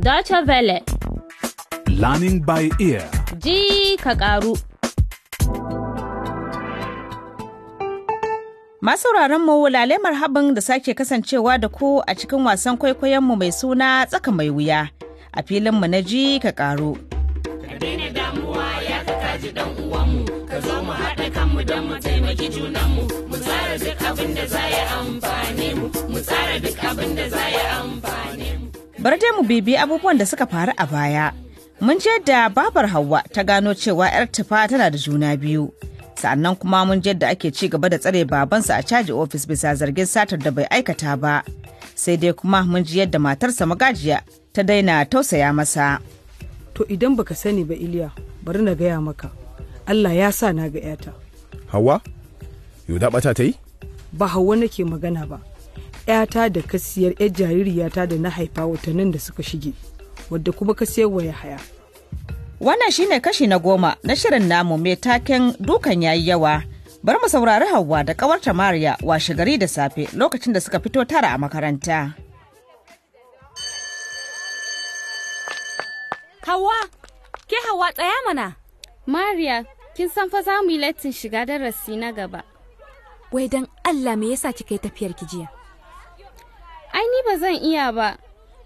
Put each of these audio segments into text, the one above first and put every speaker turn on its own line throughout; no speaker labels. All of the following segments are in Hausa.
Dacha Vele.
Learning by ear.
Ji ka ƙaru.
Masu mu wulale marhaban da sake kasancewa da ku a cikin wasan kwaikwayonmu mai suna tsaka mai wuya a filinmu na ji ka ƙaru.
damuwa ya kaji ɗan uwanmu, ka zo mu haɗa kanmu mu tsara duk abin da za ya amfani mu, mu tsara duk abin da za ya amfani.
bar dai mu bibi abubuwan da suka faru a baya mun je da babar hawa ta gano cewa yar tufa tana da juna biyu sa'annan kuma mun je da ake ci gaba da tsare babansa a caji ofis bisa zargin satar da bai aikata ba sai dai kuma mun ji yadda matarsa magajiya ta daina tausaya masa to idan baka sani ba iliya
bari na gaya maka allah ya sa na ga yata hawa yau da bata ta yi ba hawa nake magana ba 'yata da kasiyar 'yar jaririyata da na haifa watannin da suka shige wadda kuma ka siyar wa haya. Wannan shine
kashi na goma na shirin namu mai taken dukan yayi yawa. Bar mu saurari Hauwa da ƙawarta Mariya washe gari da safe lokacin da suka fito tara a makaranta.
hawa ke hawa tsaya mana. Mariya, kin san fa za mu yi lattin shiga darasi na gaba. Wai dan Allah me yasa kika yi tafiyar ki jiya? ba zan iya ba.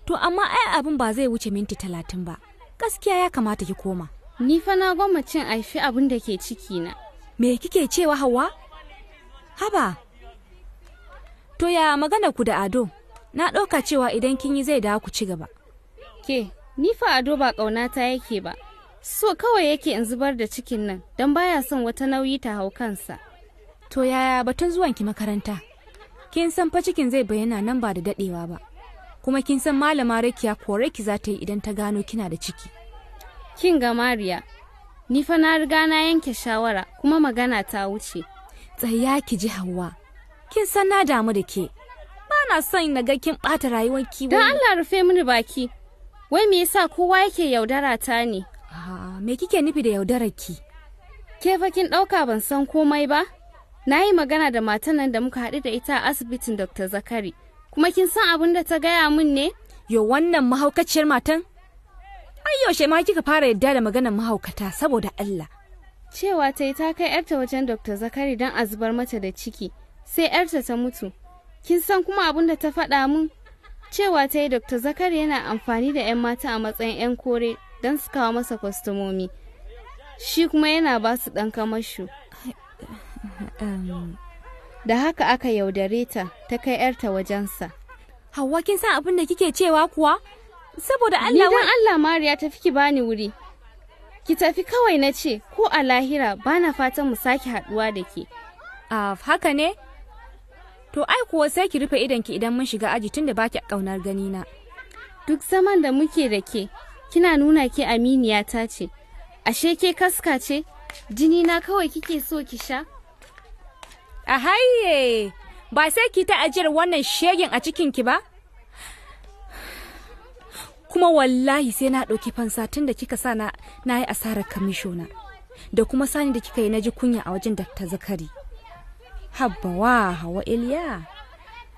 To amma ai abin ba zai wuce minti talatin ba. Gaskiya ya kamata ki koma. Ni fa na goma cin aifi abin da ke ciki na. Me kike cewa hawa. Haba. To ya magana ku da Ado? Na ɗauka cewa idan kin yi zai dawo ku ci gaba. Ke, ni fa Ado ba ƙauna ta yake ba. So kawai yake in zubar da cikin nan don baya son wata nauyi ta hau kansa. To yaya batun zuwanki makaranta? kin san fa cikin zai bayyana nan ba da dadewa ba kuma kin san malama rakiya kore ki za ta yi idan ta gano kina da ciki kin ga mariya ni fa na riga na yanke shawara kuma magana ta wuce tsaya ki ji hawa kin san na damu da ke ba na son na ga kin bata rayuwar ki dan Allah rufe mini baki wai me yasa kowa yake yaudara ta ne me kike nufi da yaudarar ki ke fa kin dauka ban san komai ba na yi magana da matan nan da muka haɗu da ita a asibitin dr zakari kuma kin san abin da ta gaya min ne yo wannan mahaukaciyar matan ai yaushe ma kika fara yadda da maganar mahaukata saboda allah cewa ta yi ta kai yarta wajen dr zakari don a zubar mata da ciki sai yarta ta mutu kin san kuma abin da ta faɗa min cewa ta yi dr zakari yana amfani da 'yan mata a matsayin 'yan kore don su kawo masa kwastomomi shi kuma yana ba su ɗan kamashu Da haka aka yaudare ta ta kai ‘yarta wajensa. Hauwa kin san abin da kike cewa kuwa? Saboda Allah Ni Allah Mariya tafi ki bani wuri. Ki tafi kawai na ce ko a lahira bana fatan mu sake haɗuwa da ke. A haka ne? To ai kuwa sai ki rufe idonki idan mun shiga aji tun tunda baki ƙaunar na. Duk zaman da muke da ke, kina nuna ke aminiya ta ce, ashe ke kaska ce, jini na kawai kike so ki sha? A haye, ba sai ki ta ajiyar wannan shegen a cikinki ba? Kuma wallahi sai na ɗauki fansa tun da kika sa na yi asarar kamishona, da kuma sani da kika yi na ji kunya a wajen Dr. Zakari. Habbawa hawa Iliya,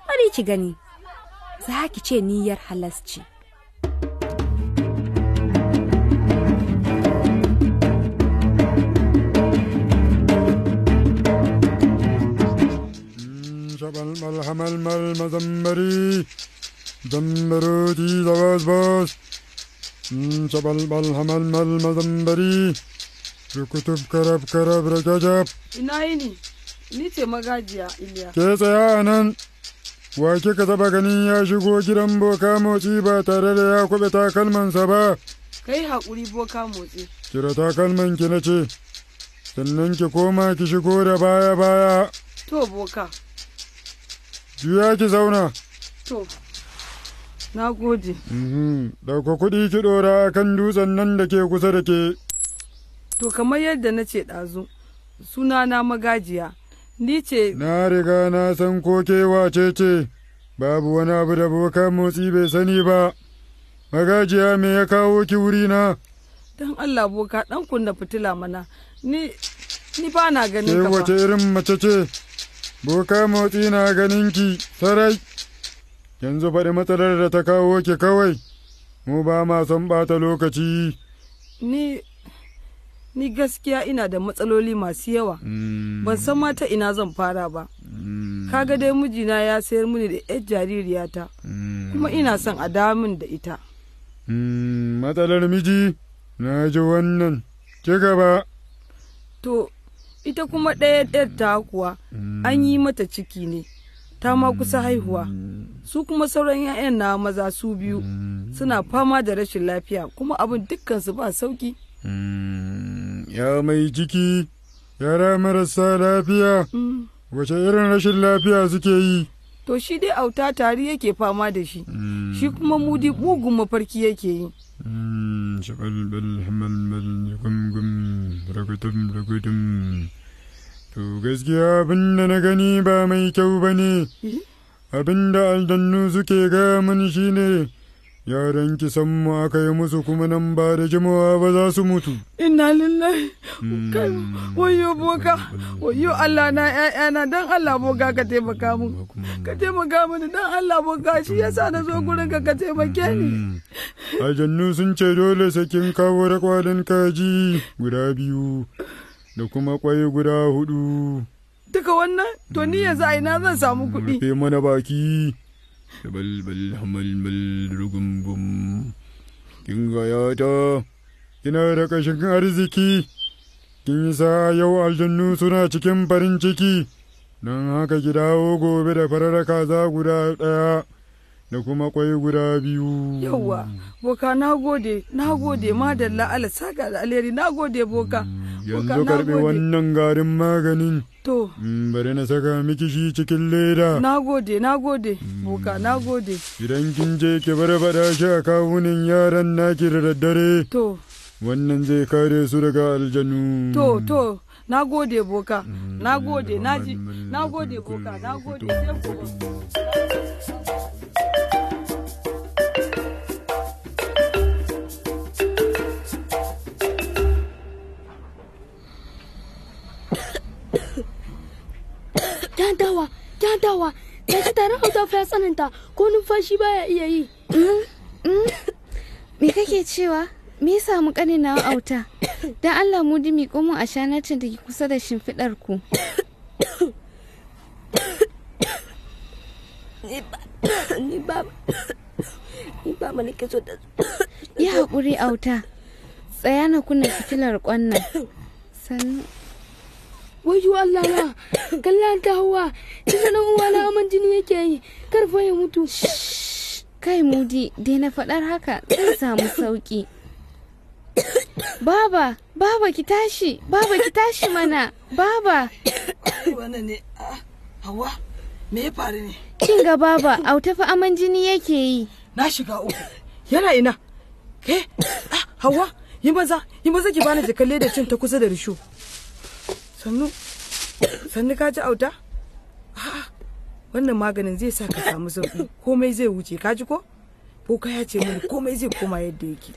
bari ki gani, za ki ce niyyar halasci.
ملحم الملمة دمري دمروا bas دواز باز جبل Mal الملمة دمري rukutub karab karab ragajab
ina yini ni ce magajiya iliya
ke tsaya a nan wa kika taba ganin ya shigo gidan boka motsi ba tare da ya kwabe takalmansa ba
kai haƙuri boka motsi
kira takalman ki na ce sannan ki koma ki shigo da baya baya to boka Juya ki zauna. To, na gode. Mhm. Dauka kuɗi ki ɗora kan dutsen nan da ke kusa da ke.
To, kamar yadda na ce ɗazu, sunana magajiya, ni ce.
Na riga na san ko ce ce, babu wani abu da bokan motsi bai sani ba. Magajiya me ya kawo ki na? Don Allah boka ɗan kunna
fitila mana, ni, ni ba na ganin ka ba. wace
irin mace ce? boka motsi na ganinki sarai yanzu faɗi matsalar da ta kawo ki kawai mu ba ma son ɓata lokaci ni
ni gaskiya ina da matsaloli masu yawa
mm.
ban san mata ina zan fara ba
mm.
kaga dai mijina ya sayar mini da yar jaririyata
mm. kuma
ina son a dawo min da ita
matsalar miji na ji wannan ki gaba
to ita kuma ɗaya ɗayar ta kuwa an yi mata ciki ne ta ma kusa haihuwa su kuma sauran 'ya'yan na maza su biyu suna fama da rashin lafiya kuma abin dukkansu ba sauki
ya mai ciki yara marasa lafiya mm. wace irin rashin lafiya suke yi
to shi dai auta tari yake fama da shi shi kuma mudi bugun mafarki yake yi
hmm, shagal balhamman to gaskiya abinda na gani ba mai kyau ba ne eh? abinda aldannu suke ga mun ne. yaran ki san mu aka yi musu kuma nan ba da jimawa ba za su mutu.
Inna lillahi hmm. kai wayo boka wayo Allah na na dan Allah boka ka taimaka mu ka taimaka mu dan Allah boka shi yasa na zo gurin ka ka taimake ni. Hmm.
Aljannu sun ce dole sakin kawo rakwalin kaji guda biyu da kuma kwai guda hudu.
Duka wannan to ni yanzu a ina zan samu kuɗi.
Rufe mana baki. balbal hamalmal rugum kin gaya ta kina da ƙashin arziki kin sa yau aljannu suna cikin farin ciki don haka ki dawo gobe da farar kaza guda ɗaya da kuma ƙwai guda biyu yawwa
boka na gode na gode madalla ala saka da alheri na gode boka mm, yanzu karɓi wannan
garin maganin Mm, bari na saka miki shi cikin leda na
gode na gode boka na gode
idan kin je ki bar faɗa shi a kawunin yaran naki da daddare to wannan zai kare su daga aljanu to
to na gode boka na gode na ji na gode boka na gode mm, sai
cewa me ya samu kanin na auta don allah mu dimi komo a shanacin da ke kusa da shimfiɗar ku ni ba ma nake so ya haƙuri auta tsaya na kunna fitilar ƙwannan sannan Allah kallon ta hawa ta sanar uwa na aman jini yake yi karfa ya mutu kai mudi dai na faɗar haka zan samu sauƙi baba baba ki tashi baba ki tashi mana baba
wannan ne ah, hawa me ya faru ne
kin ga baba auta fa aman jini yake yi na shiga
uku yana ina ke ah, hawa yi maza yi maza ki bani jikalle da cin ta kusa da risho sannu sannu ka ji auta wannan maganin zai sa ka samu sauki komai zai wuce ka ji ko ko ka ya ce mini komai zai koma yadda yake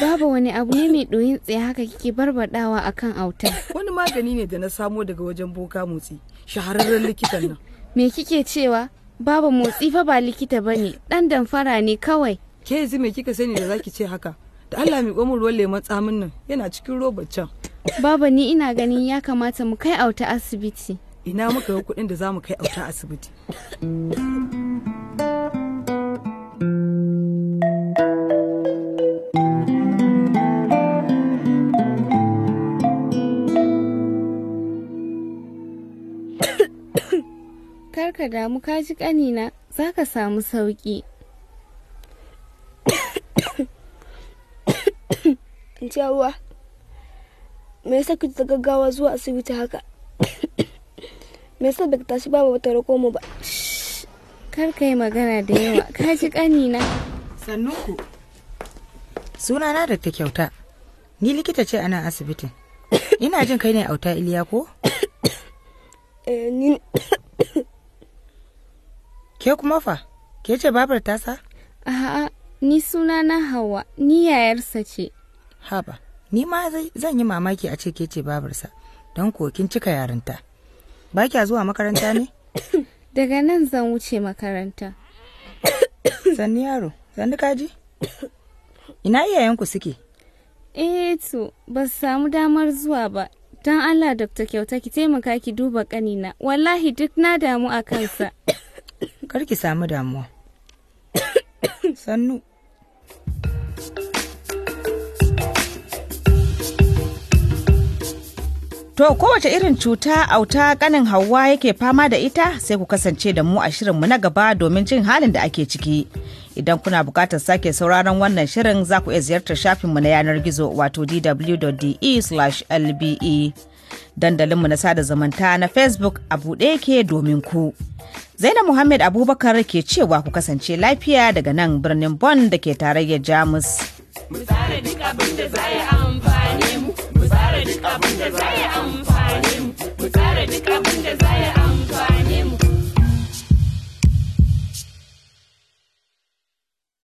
babu wani abu ne mai ɗoyin tsaye haka kike barbadawa akan auta
wani magani ne da na samo daga wajen boka motsi shahararren likitan nan
me kike cewa babu motsi fa ba likita bane dan damfara ne kawai ke
yanzu me kika sani da zaki ce haka da Allah mai min ruwan matsamin tsamin nan yana cikin robar can
baba ni ina ganin ya kamata mu kai auta asibiti
ina muka yi kuɗin da za mu kai auta asibiti
ka damu ka ji kanina za ka samu sauki jawwa me yasa ki ta gaggawa zuwa asibiti haka me yasa baka tashi ba bata rako mu ba kar kai magana da yawa ka ji kanina sannunku
na da ta kyauta ni likita ce a nan asibitin ina jin kai ne auta iliya ko eh, ke kuma fa ke ce babar tasa
a'a ni suna na hawa ni yayarsa ce haba
ni ma zan yi mamaki a ce ke ce babarsa don ko kin cika yarinta ba kya zuwa makaranta ne
daga nan zan wuce makaranta
sannu yaro sannu kaji ina iyayenku suke
eh to ba su samu damar zuwa ba don allah dr kyauta ki taimaka ki duba kanina wallahi duk na damu a kansa
kar samu damuwa
sannu
To kowace irin cuta auta kanin hawa yake fama da ita sai ku kasance da mu a shirinmu na gaba domin jin halin da ake ciki. Idan kuna bukatar sake sauraron wannan shirin za ku iya ziyartar shafinmu na yanar gizo wato dw.de/lbe. E. Dandalinmu na sada zumunta na Facebook a buɗe yake domin ku. Zainab Muhammad Abubakar ke cewa ku kasance lafiya daga nan birnin Bon da ke tarayyar Jamus.
duk abin da za I'm da za ya amfani